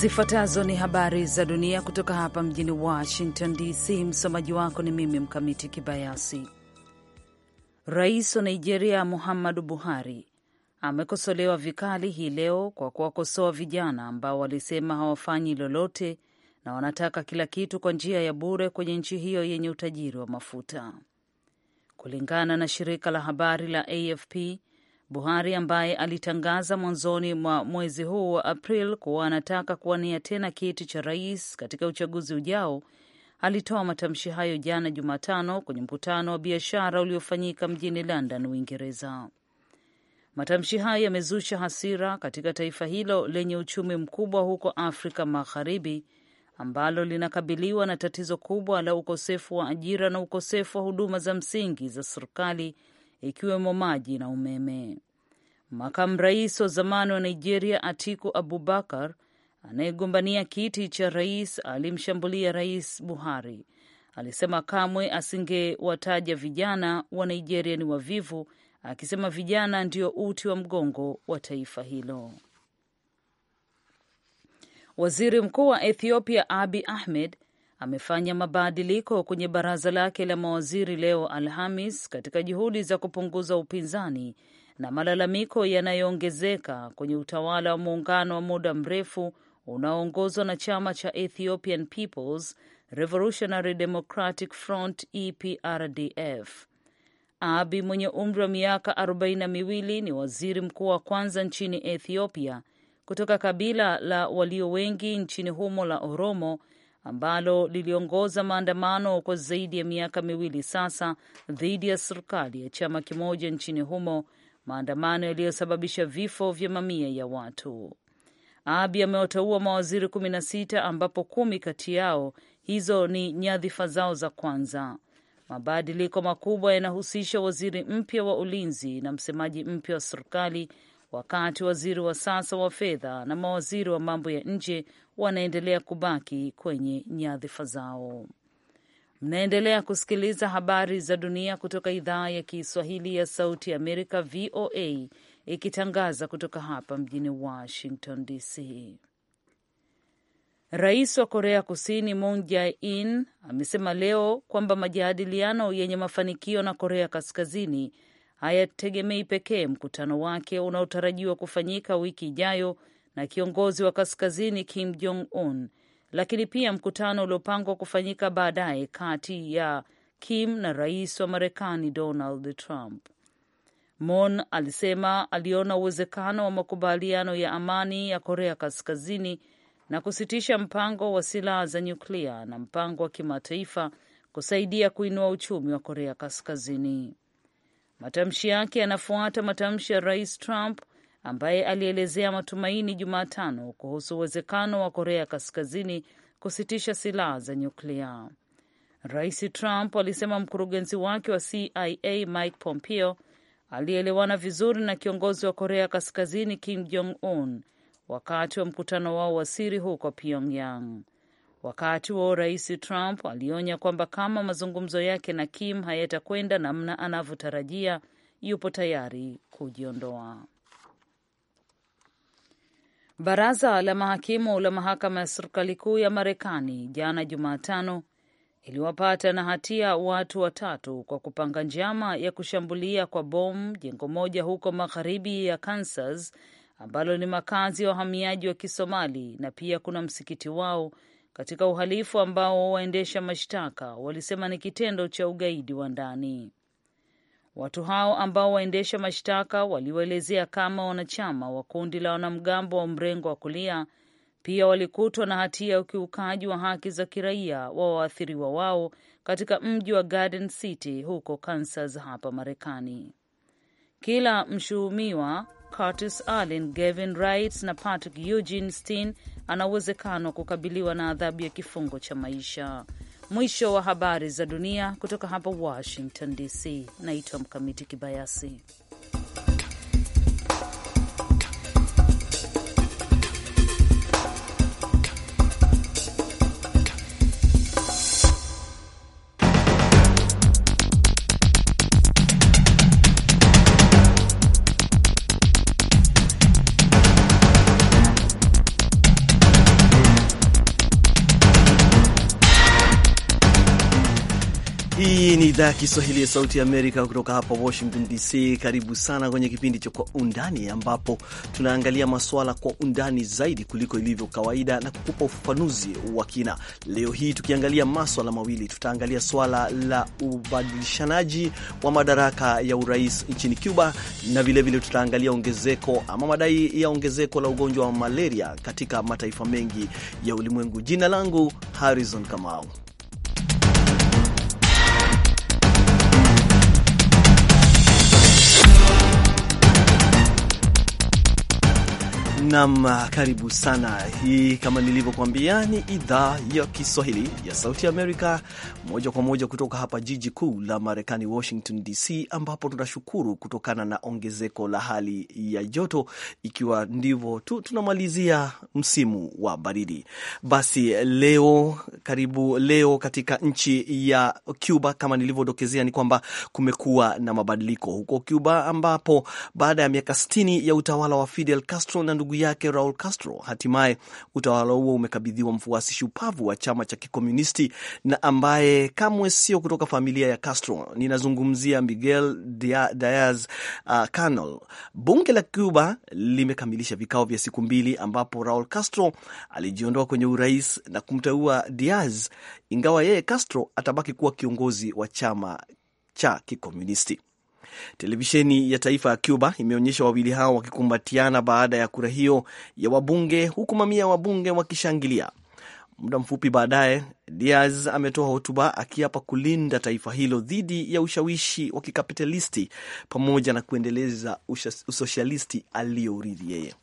Zifuatazo ni habari za dunia kutoka hapa mjini Washington DC. Msomaji wako ni mimi Mkamiti Kibayasi. Rais wa Nigeria Muhammadu Buhari amekosolewa vikali hii leo kwa kuwakosoa vijana ambao walisema hawafanyi lolote na wanataka kila kitu kwa njia ya bure kwenye nchi hiyo yenye utajiri wa mafuta. Kulingana na shirika la habari la AFP, Buhari ambaye alitangaza mwanzoni mwa mwezi huu wa april kuwa anataka kuwania tena kiti cha rais katika uchaguzi ujao alitoa matamshi hayo jana Jumatano kwenye mkutano wa biashara uliofanyika mjini London, Uingereza. Matamshi hayo yamezusha hasira katika taifa hilo lenye uchumi mkubwa huko Afrika Magharibi, ambalo linakabiliwa na tatizo kubwa la ukosefu wa ajira na ukosefu wa huduma za msingi za serikali ikiwemo maji na umeme. Makamu rais wa zamani wa Nigeria Atiku Abubakar anayegombania kiti cha rais alimshambulia Rais Buhari. Alisema kamwe asingewataja vijana wa Nigeria ni wavivu, akisema vijana ndio uti wa mgongo wa taifa hilo. Waziri mkuu wa Ethiopia Abi Ahmed amefanya mabadiliko kwenye baraza lake la mawaziri leo Alhamis katika juhudi za kupunguza upinzani na malalamiko yanayoongezeka kwenye utawala wa muungano wa muda mrefu unaoongozwa na chama cha Ethiopian Peoples Revolutionary Democratic Front EPRDF. Abi mwenye umri wa miaka arobaini na miwili ni waziri mkuu wa kwanza nchini Ethiopia kutoka kabila la walio wengi nchini humo la Oromo ambalo liliongoza maandamano kwa zaidi ya miaka miwili sasa dhidi ya serikali ya chama kimoja nchini humo, maandamano yaliyosababisha vifo vya mamia ya watu. Abi amewateua mawaziri kumi na sita ambapo kumi kati yao hizo ni nyadhifa zao za kwanza. Mabadiliko makubwa yanahusisha waziri mpya wa ulinzi na msemaji mpya wa serikali, wakati waziri wa sasa wa fedha na mawaziri wa mambo ya nje wanaendelea kubaki kwenye nyadhifa zao. Mnaendelea kusikiliza habari za dunia kutoka idhaa ya Kiswahili ya Sauti ya Amerika, VOA, ikitangaza kutoka hapa mjini Washington DC. Rais wa Korea Kusini Moon Jae-in amesema leo kwamba majadiliano yenye mafanikio na Korea Kaskazini hayategemei pekee mkutano wake unaotarajiwa kufanyika wiki ijayo na kiongozi wa kaskazini Kim Jong Un, lakini pia mkutano uliopangwa kufanyika baadaye kati ya Kim na rais wa Marekani Donald Trump. Moon alisema aliona uwezekano wa makubaliano ya amani ya Korea Kaskazini na kusitisha mpango wa silaha za nyuklia na mpango wa kimataifa kusaidia kuinua uchumi wa Korea Kaskazini. Matamshi yake yanafuata matamshi ya Rais Trump ambaye alielezea matumaini Jumatano kuhusu uwezekano wa Korea Kaskazini kusitisha silaha za nyuklia. Rais Trump alisema mkurugenzi wake wa CIA Mike Pompeo alielewana vizuri na kiongozi wa Korea Kaskazini Kim Jong Un wakati wa mkutano wao wa siri huko Pyongyang. Wakati huo Rais Trump alionya kwamba kama mazungumzo yake na Kim hayatakwenda namna anavyotarajia, yupo tayari kujiondoa. Baraza la mahakimu la mahakama ya serikali kuu ya Marekani jana Jumatano iliwapata na hatia watu watatu kwa kupanga njama ya kushambulia kwa bomu jengo moja huko magharibi ya Kansas ambalo ni makazi ya wa wahamiaji wa Kisomali na pia kuna msikiti wao katika uhalifu ambao waendesha mashtaka walisema ni kitendo cha ugaidi wa ndani. Watu hao ambao waendesha mashtaka waliwaelezea kama wanachama wa kundi la wanamgambo wa mrengo wa kulia pia walikutwa na hatia ya ukiukaji wa haki za kiraia wa waathiriwa wao katika mji wa Garden City huko Kansas hapa Marekani. Kila mshuhumiwa Curtis Allen, Gavin Wright na Patrick Eugene Steen ana uwezekano wa kukabiliwa na adhabu ya kifungo cha maisha. Mwisho wa habari za dunia kutoka hapa Washington DC. Naitwa Mkamiti Kibayasi. idhaa ya Kiswahili ya Sauti ya Amerika kutoka hapa Washington DC. Karibu sana kwenye kipindi cha Kwa Undani, ambapo tunaangalia masuala kwa undani zaidi kuliko ilivyo kawaida na kukupa ufafanuzi wa kina. Leo hii tukiangalia maswala mawili, tutaangalia swala la ubadilishanaji wa madaraka ya urais nchini Cuba na vilevile tutaangalia ongezeko ama madai ya ongezeko la ugonjwa wa malaria katika mataifa mengi ya ulimwengu. Jina langu Harrison Kamau. Nam, karibu sana. Hii kama nilivyokuambia ni idhaa ya Kiswahili ya Sauti Amerika, moja kwa moja kutoka hapa jiji kuu la Marekani, Washington DC, ambapo tunashukuru kutokana na ongezeko la hali ya joto, ikiwa ndivyo tu tunamalizia msimu wa baridi. Basi leo, karibu leo katika nchi ya Cuba, kama nilivyodokezea, ni kwamba kumekuwa na mabadiliko huko Cuba, ambapo baada ya miaka 60 ya utawala wa Fidel Castro na ndugu ndugu yake Raul Castro. Hatimaye utawala huo umekabidhiwa mfuasi shupavu wa chama cha kikomunisti na ambaye kamwe sio kutoka familia ya Castro. Ninazungumzia Miguel Diaz uh, Canel. Bunge la Cuba limekamilisha vikao vya siku mbili ambapo Raul Castro alijiondoa kwenye urais na kumteua Diaz, ingawa yeye Castro atabaki kuwa kiongozi wa chama cha kikomunisti. Televisheni ya taifa ya Cuba imeonyesha wawili hao wakikumbatiana baada ya kura hiyo ya wabunge, huku mamia wabunge wakishangilia. Muda mfupi baadaye, Diaz ametoa hotuba akiapa kulinda taifa hilo dhidi ya ushawishi wa kikapitalisti pamoja na kuendeleza usosialisti aliyourithi yeye.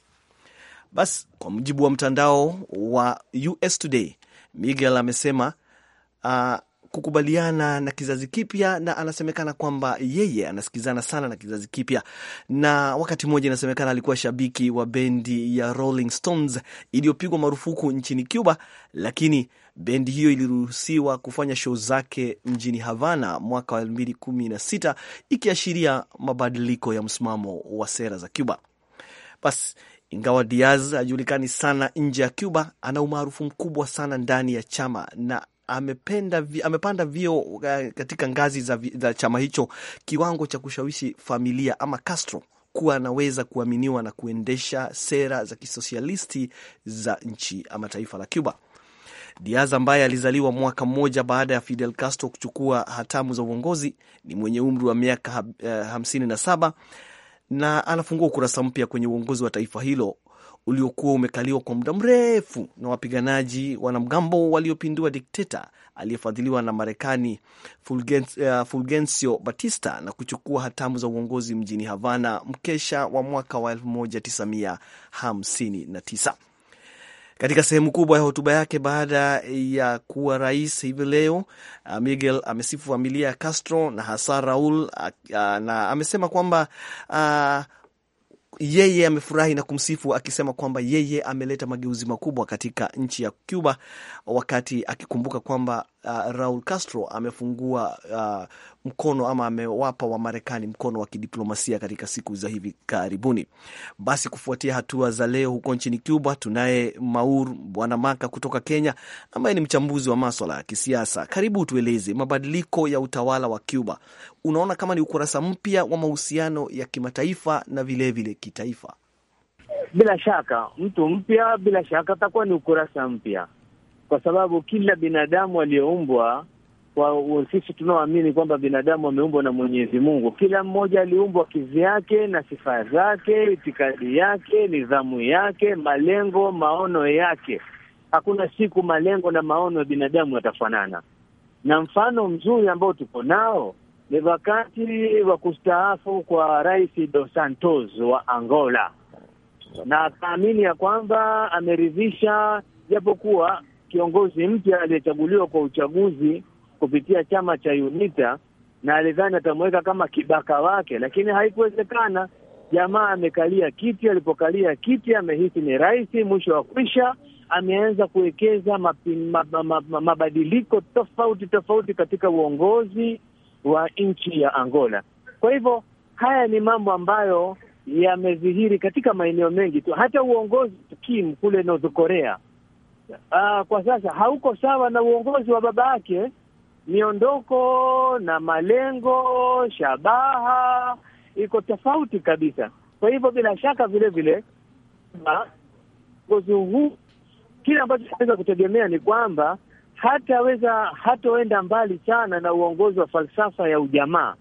Basi, kwa mujibu wa mtandao wa US Today, Miguel amesema uh, kukubaliana na kizazi kipya, na anasemekana kwamba yeye anasikizana sana na kizazi kipya, na wakati mmoja inasemekana alikuwa shabiki wa bendi ya Rolling Stones iliyopigwa marufuku nchini Cuba, lakini bendi hiyo iliruhusiwa kufanya show zake mjini Havana mwaka wa 2016 ikiashiria mabadiliko ya msimamo wa sera za Cuba. Basi ingawa Diaz hajulikani sana nje ya Cuba, ana umaarufu mkubwa sana ndani ya chama na amependa, amepanda vio uh, katika ngazi za, za chama hicho kiwango cha kushawishi familia ama Castro kuwa anaweza kuaminiwa na kuendesha sera za kisosialisti za nchi ama taifa la Cuba. Diaz ambaye alizaliwa mwaka mmoja baada ya Fidel Castro kuchukua hatamu za uongozi ni mwenye umri wa miaka eh, saba na anafungua ukurasa mpya kwenye uongozi wa taifa hilo uliokuwa umekaliwa kwa muda mrefu na wapiganaji wanamgambo waliopindua dikteta aliyefadhiliwa na Marekani eh, Fulgencio Batista na kuchukua hatamu za uongozi mjini Havana mkesha wa mwaka wa 1959. Katika sehemu kubwa ya hotuba yake baada ya kuwa rais hivi leo, eh, Miguel amesifu familia ya Castro na hasa Raul, eh, na amesema kwamba uh, yeye amefurahi na kumsifu akisema kwamba yeye ameleta mageuzi makubwa katika nchi ya Cuba, wakati akikumbuka kwamba uh, Raul Castro amefungua uh, mkono ama amewapa wa marekani mkono wa kidiplomasia katika siku za hivi karibuni. Basi kufuatia hatua za leo huko nchini Cuba, tunaye Maur Bwana Maka kutoka Kenya ambaye ni mchambuzi wa maswala ya kisiasa. Karibu tueleze mabadiliko ya utawala wa Cuba, unaona kama ni ukurasa mpya wa mahusiano ya kimataifa na vilevile vile kitaifa? Bila shaka mtu mpya, bila shaka atakuwa ni ukurasa mpya kwa sababu kila binadamu aliyeumbwa kwa sisi tunaoamini kwamba binadamu ameumbwa na Mwenyezi Mungu, kila mmoja aliumbwa kizi yake na sifa zake, itikadi yake, nidhamu yake, malengo, maono yake. Hakuna siku malengo na maono ya binadamu yatafanana, na mfano mzuri ambao tuko nao ni wakati wa kustaafu kwa Rais Dos Santos wa Angola, na akaamini ya kwamba ameridhisha japokuwa kiongozi mpya aliyechaguliwa kwa uchaguzi kupitia chama cha UNITA na alidhani atamweka kama kibaka wake, lakini haikuwezekana. Jamaa amekalia kiti, alipokalia kiti amehisi ni rais, mwisho wa kwisha. Ameanza kuwekeza mabadiliko tofauti tofauti katika uongozi wa nchi ya Angola. Kwa hivyo haya ni mambo ambayo yamedhihiri katika maeneo mengi tu, hata uongozi Kim kule North Korea uh, kwa sasa hauko sawa na uongozi wa baba yake, miondoko na malengo, shabaha iko tofauti kabisa. Kwa hivyo bila shaka vile vile uongozi huu kile ambacho tunaweza kutegemea ni kwamba hataweza hatoenda mbali sana na uongozi wa falsafa ya ujamaa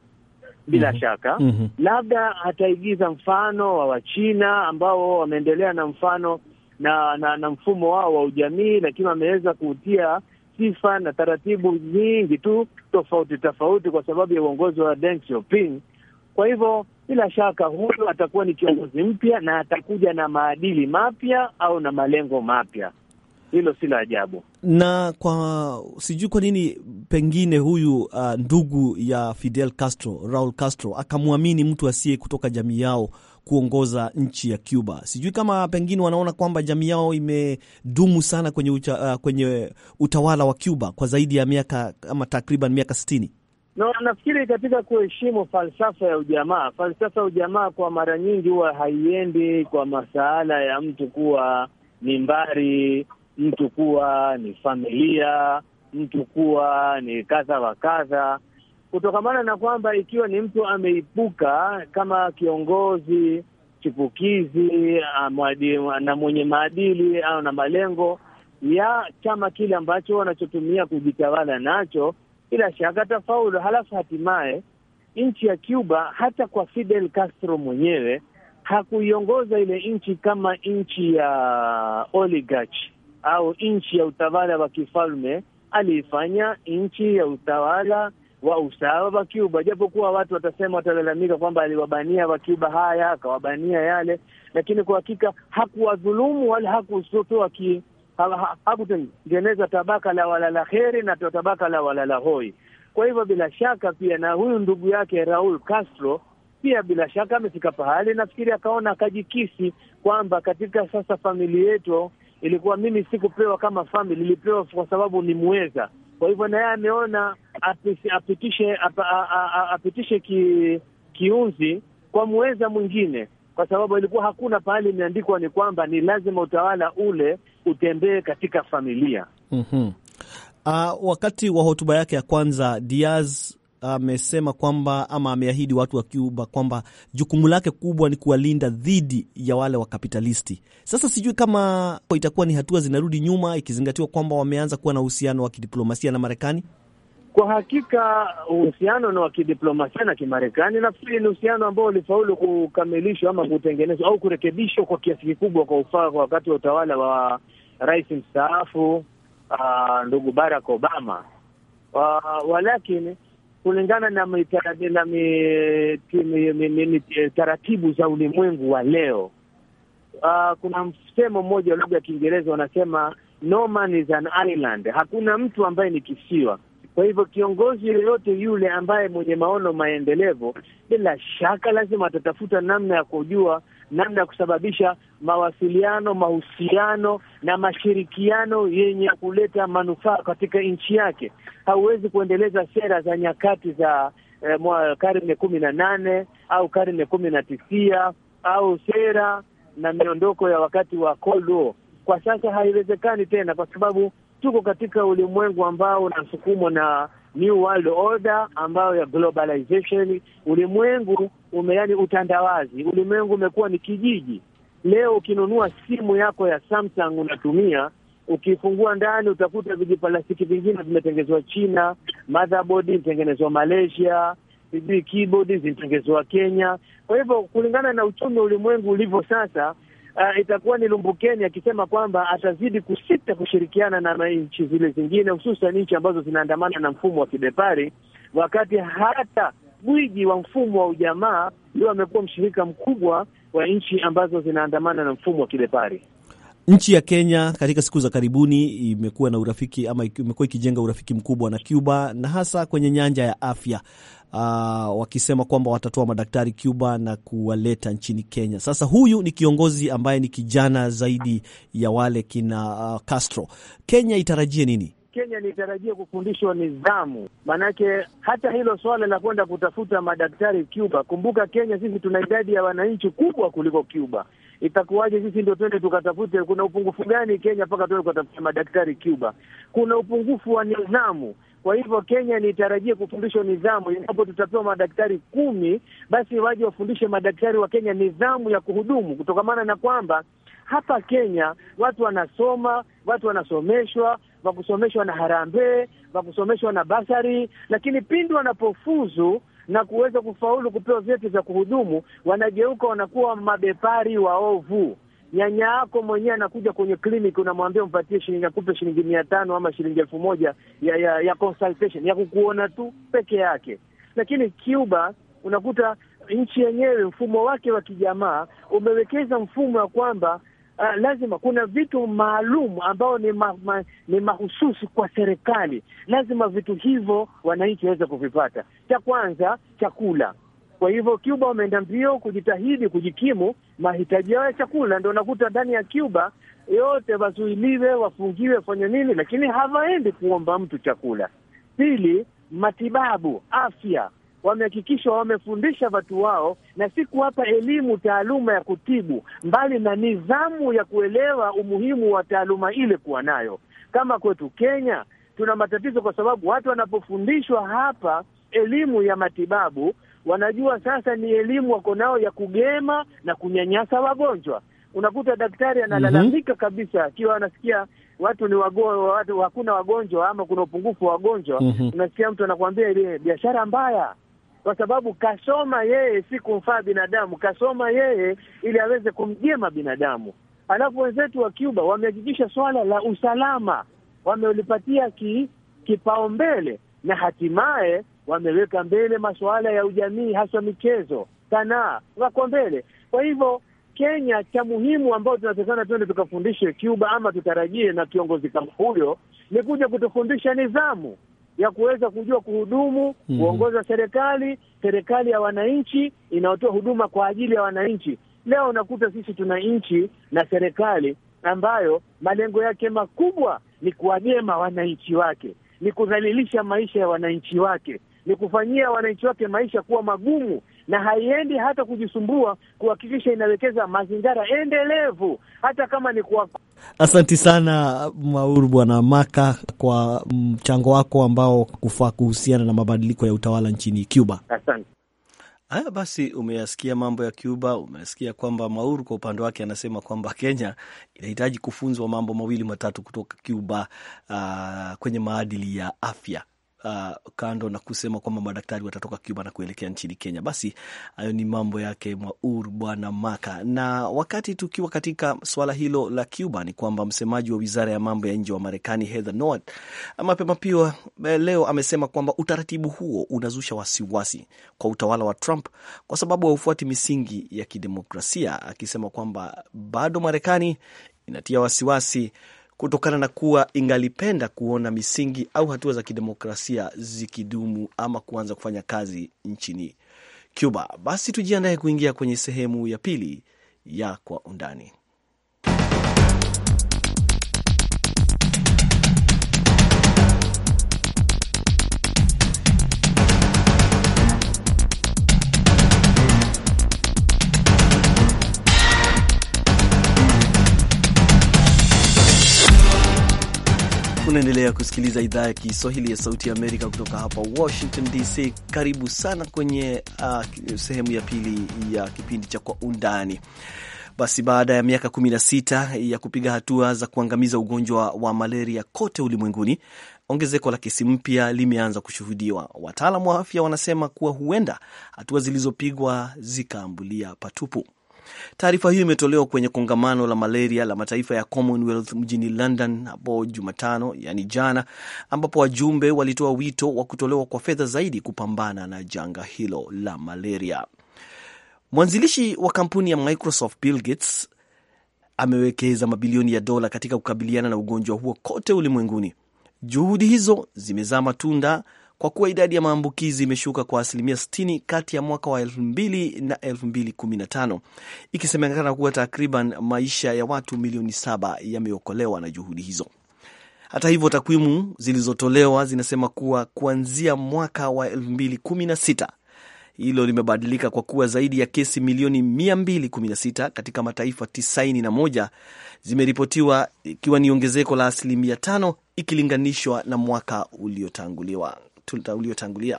bila mm -hmm. shaka mm -hmm. labda ataigiza mfano wa Wachina ambao wameendelea na mfano na, na, na mfumo wao wa ujamii, lakini wameweza kuutia sifa na taratibu nyingi tu tofauti tofauti kwa sababu ya uongozi wa Deng Xiaoping. Kwa hivyo bila shaka huyo atakuwa ni kiongozi mpya na atakuja na maadili mapya au na malengo mapya. Hilo si la ajabu, na kwa sijui kwa nini pengine huyu uh, ndugu ya Fidel Castro Raul Castro akamwamini mtu asiye kutoka jamii yao kuongoza nchi ya Cuba. Sijui kama pengine wanaona kwamba jamii yao imedumu sana kwenye, ucha, uh, kwenye utawala wa Cuba kwa zaidi ya miaka ama takriban miaka sitini. No, nafikiri katika kuheshimu falsafa ya ujamaa, falsafa ya ujamaa kwa mara nyingi huwa haiendi kwa masaala ya mtu kuwa ni mbari, mtu kuwa ni familia, mtu kuwa ni kadha wa kadha kutokamana na kwamba ikiwa ni mtu ameipuka kama kiongozi chipukizi ah, na mwenye maadili au na malengo ya chama kile ambacho wanachotumia kujitawala nacho, bila shaka tafaulu. Halafu hatimaye nchi ya Cuba, hata kwa Fidel Castro mwenyewe hakuiongoza ile nchi kama nchi ya oligarch au nchi ya utawala wa kifalme, aliifanya nchi ya utawala wa usawa Wacuba, japokuwa watu watasema, watalalamika kwamba aliwabania Cuba haya akawabania yale, lakini kwa hakika hakuwadhulumu wala hakutoa hakutengeneza tabaka la walala heri na tabaka la walala hoi. Kwa hivyo bila shaka pia na huyu ndugu yake Raul Castro pia bila shaka amefika pahali, nafikiri akaona akajikisi kwamba katika sasa famili yetu ilikuwa mimi sikupewa kama famili, ilipewa kwa sababu nimweza kwa hivyo naye ameona apitishe apitishe ki, kiunzi kwa mweza mwingine, kwa sababu ilikuwa hakuna pahali imeandikwa ni kwamba ni lazima utawala ule utembee katika familia. mm -hmm. Uh, wakati wa hotuba yake ya kwanza Diaz amesema kwamba ama ameahidi watu wa Cuba kwamba jukumu lake kubwa ni kuwalinda dhidi ya wale wa kapitalisti Sasa sijui kama itakuwa ni hatua zinarudi nyuma, ikizingatiwa kwamba wameanza kuwa na uhusiano wa kidiplomasia na Marekani. Kwa hakika uhusiano na wa kidiplomasia na Kimarekani, nafikiri ni uhusiano ambao ulifaulu kukamilishwa ama kutengenezwa au kurekebishwa kwa kiasi kikubwa kwa ufaa kwa wakati wa utawala wa rais mstaafu uh, ndugu Barack Obama uh, walakini kulingana na taratibu za ulimwengu wa leo. Uh, kuna msemo mmoja wa lugha ya Kiingereza wanasema no man is an island, hakuna mtu ambaye ni kisiwa. Kwa hivyo kiongozi yoyote yule ambaye mwenye maono maendelevo bila shaka lazima atatafuta namna ya kujua namna ya kusababisha mawasiliano, mahusiano na mashirikiano yenye kuleta manufaa katika nchi yake. Hauwezi kuendeleza sera za nyakati za eh, karne kumi na nane au karne kumi na tisia au sera na miondoko ya wakati wa Cold War. Kwa sasa haiwezekani tena, kwa sababu tuko katika ulimwengu ambao unasukumwa na New World Order ambayo ya globalization, ulimwengu ume, yani utandawazi, ulimwengu umekuwa ni kijiji. Leo ukinunua simu yako ya Samsung unatumia ukifungua ndani utakuta vijiplastiki vingine vimetengenezwa China, motherboard imetengenezwa Malaysia, sijui keyboard zimetengenezwa Kenya. Kwa hivyo kulingana na uchumi ulimwengu ulivyo sasa, uh, itakuwa ni lumbukeni akisema kwamba atazidi kusita kushirikiana na nchi zile zingine, hususan nchi ambazo zinaandamana na mfumo wa kibepari, wakati hata gwiji wa mfumo wa ujamaa ndio amekuwa mshirika mkubwa wa nchi ambazo zinaandamana na mfumo wa kibepari. Nchi ya Kenya katika siku za karibuni imekuwa na urafiki ama imekuwa ikijenga urafiki mkubwa na Cuba na hasa kwenye nyanja ya afya. Uh, wakisema kwamba watatoa madaktari Cuba na kuwaleta nchini Kenya. Sasa huyu ni kiongozi ambaye ni kijana zaidi ya wale kina uh, Castro. Kenya itarajie nini? Kenya nitarajia kufundishwa nidhamu, maanake hata hilo swala la kwenda kutafuta madaktari Cuba. Kumbuka Kenya sisi tuna idadi ya wananchi kubwa kuliko Cuba. Itakuwaje sisi ndio twende tukatafute? Kuna upungufu gani Kenya mpaka tuende kutafuta madaktari Cuba? Kuna upungufu wa nidhamu. Kwa hivyo Kenya nitarajie kufundishwa nidhamu. Endapo tutapewa madaktari kumi, basi waje wafundishe madaktari wa Kenya nidhamu ya kuhudumu, kutokamana na kwamba hapa Kenya watu wanasoma, watu wanasomeshwa, wakusomeshwa na harambee, wakusomeshwa na basari, lakini pindi wanapofuzu na kuweza kufaulu kupewa vyeti vya kuhudumu, wanageuka wanakuwa mabepari waovu. Nyanya yako mwenyewe anakuja kwenye kliniki, unamwambia umpatie shilingi, akupe shilingi mia tano ama shilingi elfu moja ya, ya, ya consultation ya kukuona tu peke yake. Lakini Cuba unakuta nchi yenyewe mfumo wake wa kijamaa umewekeza mfumo wa kwamba uh, lazima kuna vitu maalum ambao ni, ma, ma, ni mahususi kwa serikali. Lazima vitu hivyo wananchi waweze kuvipata. Cha kwanza chakula. Kwa hivyo Cuba wameenda mbio kujitahidi kujikimu mahitaji yao ya chakula, ndo unakuta ndani ya Cuba yote wazuiliwe, wafungiwe, wafanye nini, lakini hawaendi kuomba mtu chakula. Pili, matibabu, afya wamehakikisha wamefundisha watu wao, na si kuwapa elimu taaluma ya kutibu, mbali na nidhamu ya kuelewa umuhimu wa taaluma ile kuwa nayo. Kama kwetu Kenya tuna matatizo, kwa sababu watu wanapofundishwa hapa elimu ya matibabu, wanajua sasa ni elimu wako nao ya kugema na kunyanyasa wagonjwa. Unakuta daktari analalamika mm -hmm. kabisa akiwa anasikia watu ni wago, watu hakuna wagonjwa ama kuna upungufu wa wagonjwa mm -hmm. Unasikia mtu anakuambia ile biashara mbaya kwa sababu kasoma yeye, si kumfaa binadamu, kasoma yeye ili aweze kumjema binadamu. Alafu wenzetu wa Cuba wamehakikisha swala la usalama wamelipatia ki, kipaumbele na hatimaye wameweka mbele masuala ya ujamii, haswa michezo, sanaa wako mbele. Kwa hivyo Kenya, cha muhimu ambao tunatakana tuende tukafundishe Cuba ama tutarajie na kiongozi kama huyo ni kuja kutufundisha nidhamu ya kuweza kujua kuhudumu mm -hmm. serikali, serikali ya wananchi inayotoa huduma kwa ajili ya wananchi. Leo unakuta sisi tuna nchi na serikali ambayo malengo yake makubwa ni kuwajema wananchi wake, ni kudhalilisha maisha ya wananchi wake, ni kufanyia wananchi wake maisha kuwa magumu na haiendi hata kujisumbua kuhakikisha inawekeza mazingira endelevu, hata kama ni kwa. Asanti sana Mauru Bwana Maka kwa mchango wako ambao kufaa kuhusiana na mabadiliko ya utawala nchini Cuba. Asante. Haya basi, umeyasikia mambo ya Cuba, umesikia kwamba Mauru kwa upande wake anasema kwamba Kenya inahitaji kufunzwa mambo mawili matatu kutoka Cuba, uh, kwenye maadili ya afya uh, kando na kusema kwamba madaktari watatoka Cuba na kuelekea nchini Kenya. Basi hayo ni mambo yake Mwaur Bwana Maka. Na wakati tukiwa katika swala hilo la Cuba, ni kwamba msemaji wa wizara ya mambo ya nje wa Marekani Heather Nauert mapema pia eh, leo amesema kwamba utaratibu huo unazusha wasiwasi kwa utawala wa Trump kwa sababu haufuati misingi ya kidemokrasia, akisema kwamba bado Marekani inatia wasiwasi kutokana na kuwa ingalipenda kuona misingi au hatua za kidemokrasia zikidumu ama kuanza kufanya kazi nchini Cuba. Basi tujiandaye kuingia kwenye sehemu ya pili ya Kwa Undani. Unaendelea kusikiliza idhaa ya Kiswahili ya Sauti ya Amerika kutoka hapa Washington DC. Karibu sana kwenye uh, sehemu ya pili ya kipindi cha Kwa Undani. Basi baada ya miaka 16 ya kupiga hatua za kuangamiza ugonjwa wa malaria kote ulimwenguni, ongezeko la kesi mpya limeanza kushuhudiwa. Wataalamu wa afya wanasema kuwa huenda hatua zilizopigwa zikaambulia patupu. Taarifa hiyo imetolewa kwenye kongamano la malaria la mataifa ya Commonwealth mjini London hapo Jumatano, yani jana, ambapo wajumbe walitoa wito wa kutolewa kwa fedha zaidi kupambana na janga hilo la malaria. Mwanzilishi wa kampuni ya Microsoft Bill Gates amewekeza mabilioni ya dola katika kukabiliana na ugonjwa huo kote ulimwenguni. Juhudi hizo zimezaa matunda kwa kuwa idadi ya maambukizi imeshuka kwa asilimia 60 kati ya mwaka wa 2000 na 2015, ikisemekana kuwa takriban maisha ya watu milioni saba yameokolewa na juhudi hizo. Hata hivyo, takwimu zilizotolewa zinasema kuwa kuanzia mwaka wa 2016 hilo limebadilika kwa kuwa zaidi ya kesi milioni 216 katika mataifa 91 zimeripotiwa ikiwa ni ongezeko la asilimia 5 ikilinganishwa na mwaka uliotanguliwa uliotangulia.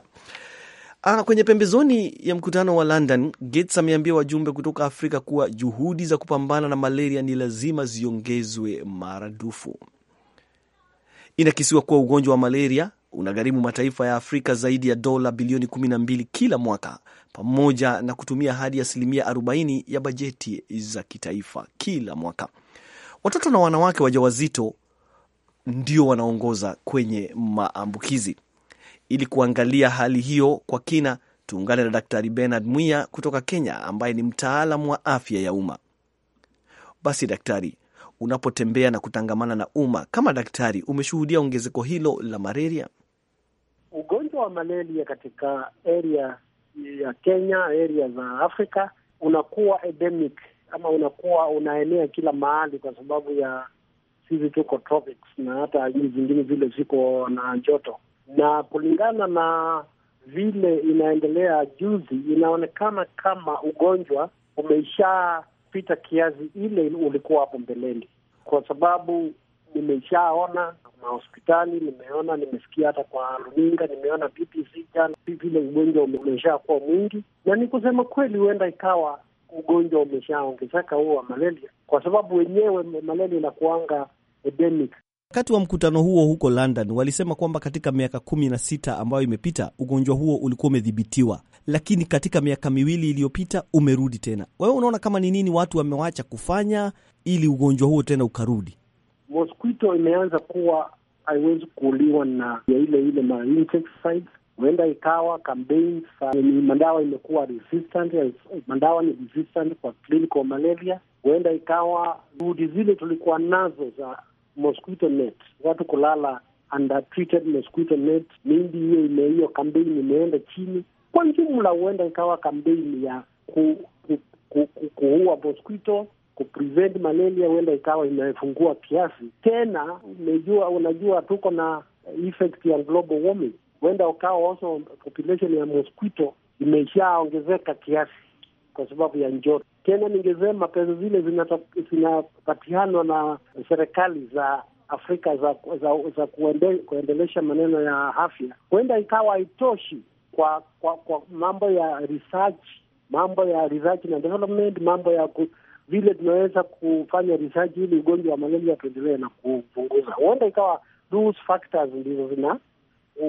Kwenye pembezoni ya mkutano wa London, Gates ameambia wajumbe kutoka Afrika kuwa juhudi za kupambana na malaria ni lazima ziongezwe maradufu. Inakisiwa kuwa ugonjwa wa malaria unagharimu mataifa ya Afrika zaidi ya dola bilioni 12 kila mwaka pamoja na kutumia hadi asilimia 40 ya bajeti za kitaifa kila mwaka. Watoto na wanawake wajawazito ndio wanaongoza kwenye maambukizi. Ili kuangalia hali hiyo kwa kina, tuungane na Daktari Bernard Mwiya kutoka Kenya, ambaye ni mtaalamu wa afya ya umma. Basi daktari, unapotembea na kutangamana na umma kama daktari, umeshuhudia ongezeko hilo la malaria? Ugonjwa wa malaria katika area ya Kenya, area za Afrika unakuwa endemic ama unakuwa unaenea kila mahali, kwa sababu ya sisi tuko tropics na hata nchi zingine zile ziko na joto na kulingana na vile inaendelea juzi, inaonekana kama ugonjwa umeshapita kiasi ile ulikuwa hapo mbeleni, kwa sababu nimeshaona mahospitali, nimeona, nimesikia hata kwa runinga, nimeona BBC jana vile ugonjwa umeshakuwa mwingi, na ni kusema kweli, huenda ikawa ugonjwa umeshaongezeka huo wa malaria, kwa sababu wenyewe malaria inakuanga endemic Wakati wa mkutano huo huko London walisema kwamba katika miaka kumi na sita ambayo imepita ugonjwa huo ulikuwa umedhibitiwa, lakini katika miaka miwili iliyopita umerudi tena. Wewe unaona kama ni nini watu wamewacha kufanya ili ugonjwa huo tena ukarudi? Mosquito imeanza kuwa haiwezi kuuliwa na ya ile ile ma huenda ikawa campaigns, madawa imekuwa resistant, madawa ni resistant kwa clinical malaria, huenda ikawa juhudi zile tulikuwa nazo za mosquito net, watu kulala undertreated mosquito net. Maybe hiyo ime hiyo kampeni imeenda chini kwa jumla, huenda ikawa kampeni ya ku, ku, ku, ku, kuua mosquito kuprevent malaria, huenda ikawa imefungua kiasi tena. Umejua, unajua tuko na effect ya global warming, huenda ukawa also population ya mosquito imeshaongezeka kiasi kwa sababu ya njoto. Tena ningesema pesa zile zinapatianwa na serikali za Afrika za za, za kuende, kuendelesha maneno ya afya huenda ikawa haitoshi kwa, kwa kwa mambo ya research, mambo ya research na development, mambo ya ku, vile tunaweza kufanya research ili ugonjwa wa malaria tuendelee na kupunguza. Huenda ikawa those factors ndizo zina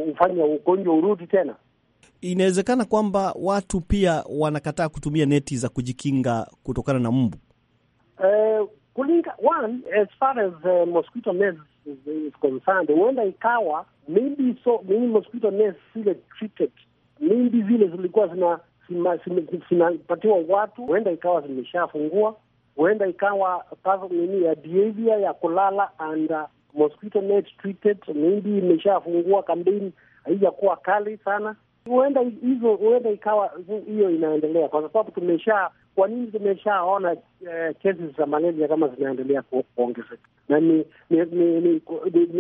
ufanya ugonjwa urudi tena inawezekana kwamba watu pia wanakataa kutumia neti za kujikinga kutokana na mbu. Uh, kulinga one as far as uh, mosquito nets is concerned, huenda ikawa maybe so mosquito nets zile treated maybe zile zilikuwa zina zinapatiwa watu, huenda ikawa zimeshafungua, huenda ikawa nini ya behavior ya kulala and uh, mosquito net treated maybe imeshafungua, kampeni haijakuwa kali sana huenda hizo huenda ikawa hiyo inaendelea kwa sababu tumesha kwa nini tumeshaona kesi eh, za malaria kama zinaendelea kuongezeka, na ni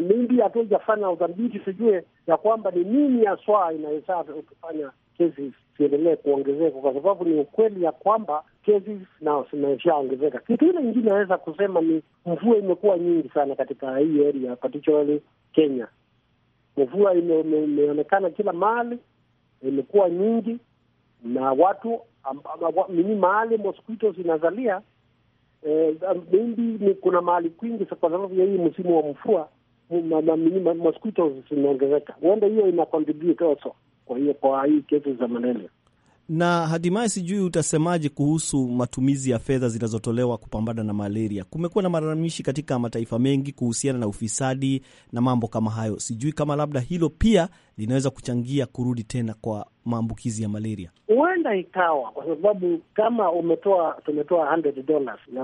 mingi hatujafanya udhabiti, tujue ya kwamba ni nini haswa inaweza kufanya kesi ziendelee kuongezeka, kwa sababu ni ukweli ya kwamba kesi nao zimeshaongezeka. Kitu ile ingine naweza kusema ni mvua imekuwa nyingi sana katika hii area, particularly Kenya. Mvua imeonekana kila mahali imekuwa nyingi na watu mimi mahali mosquito zinazalia eh, maybe kuna mahali kwingi kwa sababu ya hii msimu wa mfua mosquito zinaongezeka, huenda hiyo ina contribute also kwa hiyo kwa hii kesi za malaria na hatimaye, sijui utasemaje kuhusu matumizi ya fedha zinazotolewa kupambana na malaria. Kumekuwa na malalamishi katika mataifa mengi kuhusiana na ufisadi na mambo kama hayo. Sijui kama labda hilo pia linaweza kuchangia kurudi tena kwa maambukizi ya malaria? Huenda ikawa kwa sababu kama umetoa tumetoa hundred dollars na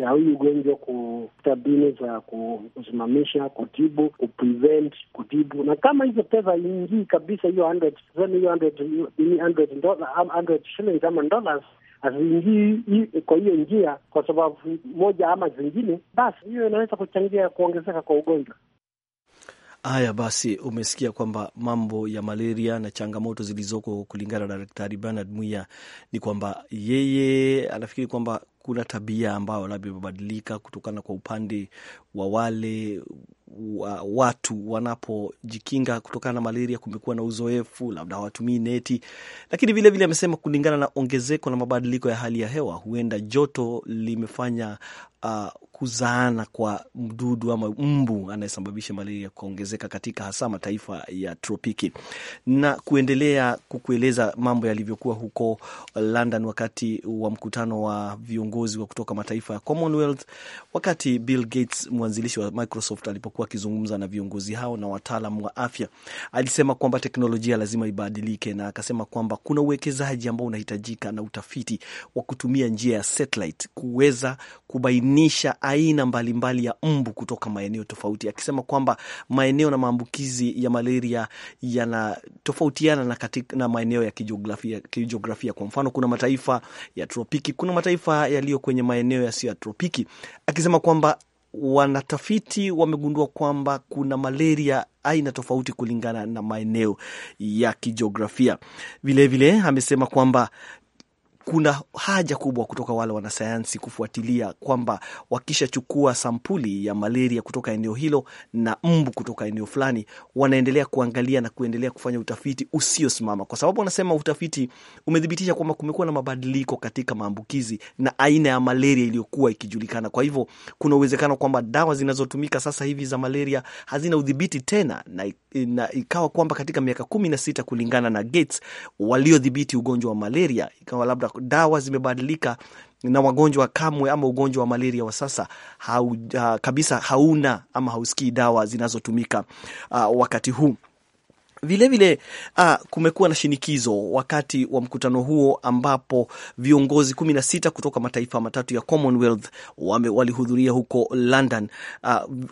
ya huyu ugonjwa kuta mbinu za kusimamisha, kutibu, kuprevent, kutibu, na kama hizo pesa ingii kabisa, hiyo hundred shillings ama dollars haziingii kwa hiyo njia, kwa sababu moja ama zingine, basi hiyo inaweza kuchangia kuongezeka kwa ugonjwa. Haya basi, umesikia kwamba mambo ya malaria na changamoto zilizoko, kulingana na Daktari Bernard Mwia, ni kwamba yeye anafikiri kwamba kuna tabia ambayo labda imebadilika kutokana kwa upande wa wale wa, watu wanapojikinga kutokana na malaria, kumekuwa na uzoefu, labda hawatumii neti. Lakini vilevile amesema kulingana na ongezeko na mabadiliko ya hali ya hewa, huenda joto limefanya uh, kuzaana kwa mdudu ama mbu anayesababisha malaria kuongezeka katika hasa mataifa ya tropiki, na kuendelea kukueleza mambo yalivyokuwa huko London wakati wa mkutano wa viongozi wa kutoka mataifa ya Commonwealth, wakati Bill Gates mwanzilishi wa Microsoft alipokuwa akizungumza na viongozi hao na wataalam wa afya, alisema kwamba teknolojia lazima ibadilike, na akasema kwamba kuna uwekezaji ambao unahitajika na utafiti wa kutumia njia ya satellite kuweza kubaini kuainisha aina mbalimbali ya mbu kutoka maeneo tofauti, akisema kwamba maeneo na maambukizi ya malaria yanatofautiana na, na maeneo ya kijiografia, kijiografia. Kwa mfano kuna mataifa ya tropiki, kuna mataifa yaliyo kwenye maeneo yasiyo ya tropiki, akisema kwamba wanatafiti wamegundua kwamba kuna malaria aina tofauti kulingana na maeneo ya kijiografia. Vilevile amesema kwamba kuna haja kubwa kutoka wale wanasayansi kufuatilia kwamba wakishachukua sampuli ya malaria kutoka eneo hilo na mbu kutoka eneo fulani, wanaendelea kuangalia na kuendelea kufanya utafiti usiosimama, kwa sababu wanasema utafiti umethibitisha kwamba kumekuwa na mabadiliko katika maambukizi na aina ya malaria iliyokuwa ikijulikana. Kwa hivyo kuna uwezekano kwamba dawa zinazotumika sasa hivi za malaria hazina udhibiti tena, na, na ikawa kwamba katika miaka kumi na sita kulingana na Gates waliodhibiti ugonjwa wa malaria ikawa labda dawa zimebadilika na wagonjwa kamwe ama ugonjwa wa malaria wa sasa hau, uh, kabisa hauna ama hausikii dawa zinazotumika uh, wakati huu Vilevile uh, ah, kumekuwa na shinikizo wakati wa mkutano huo ambapo viongozi kumi na sita kutoka mataifa matatu ya Commonwealth walihudhuria huko London, uh,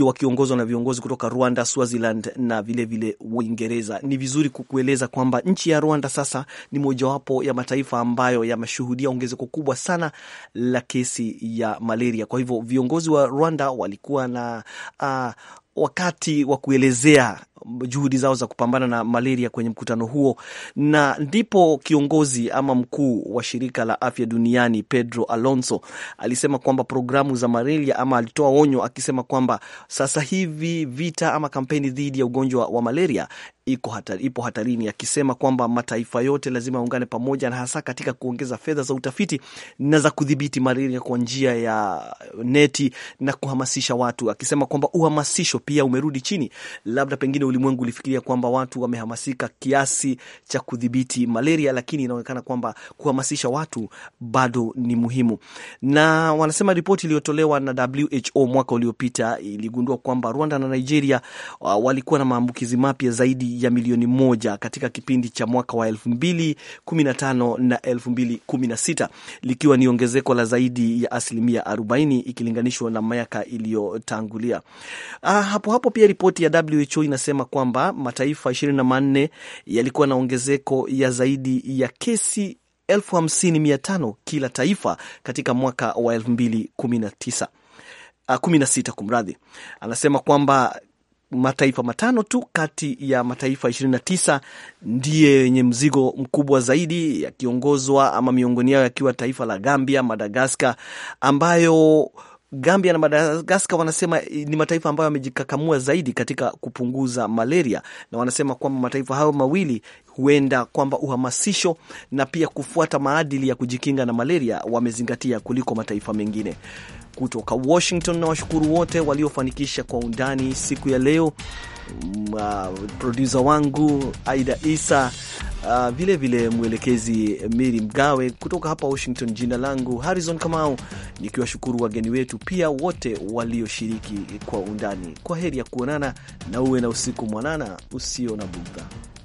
wakiongozwa na viongozi kutoka Rwanda, Swaziland na vilevile Uingereza. Vile ni vizuri kukueleza kwamba nchi ya Rwanda sasa ni mojawapo ya mataifa ambayo yameshuhudia ongezeko kubwa sana la kesi ya malaria. Kwa hivyo viongozi wa Rwanda walikuwa na uh, wakati wa kuelezea juhudi zao za kupambana na malaria kwenye mkutano huo, na ndipo kiongozi ama mkuu wa shirika la afya duniani Pedro Alonso alisema kwamba programu za malaria ama, alitoa onyo akisema kwamba sasa hivi vita ama kampeni dhidi ya ugonjwa wa malaria iko hatari, ipo hatarini, akisema kwamba mataifa yote lazima yaungane pamoja, na hasa katika kuongeza fedha za utafiti na za kudhibiti malaria kwa njia ya neti na kuhamasisha watu, akisema kwamba uhamasisho pia umerudi chini. Labda pengine ulimwengu ulifikiria kwamba watu wamehamasika kiasi cha kudhibiti malaria, lakini inaonekana kwamba kuhamasisha watu bado ni muhimu, na wanasema ripoti iliyotolewa na WHO mwaka uliopita iligundua kwamba Rwanda na Nigeria uh, walikuwa na maambukizi mapya zaidi ya milioni moja katika kipindi cha mwaka wa 2015 na 2016 likiwa ni ongezeko la zaidi ya asilimia 40 ikilinganishwa na miaka iliyotangulia. Ah, hapo hapo pia ripoti ya WHO inasema kwamba mataifa 24 yalikuwa na ongezeko ya zaidi ya kesi tano kila taifa katika mwaka wa ah, na sita kumradhi. Anasema kwamba mataifa matano tu kati ya mataifa 29 ndiye yenye mzigo mkubwa zaidi, yakiongozwa ama miongoni yao yakiwa taifa la Gambia, Madagaskar ambayo Gambia na Madagaskar wanasema ni mataifa ambayo yamejikakamua zaidi katika kupunguza malaria, na wanasema kwamba mataifa hayo mawili huenda kwamba uhamasisho na pia kufuata maadili ya kujikinga na malaria wamezingatia kuliko mataifa mengine. Kutoka Washington na washukuru wote waliofanikisha kwa undani siku ya leo. Mm, uh, producer produsa wangu Aida Isa vilevile uh, vile mwelekezi Miri Mgawe kutoka hapa Washington. Jina langu Harrison Kamau, nikiwashukuru wageni wetu pia wote walioshiriki kwa undani. Kwa heri ya kuonana, na uwe na usiku mwanana usio na budha.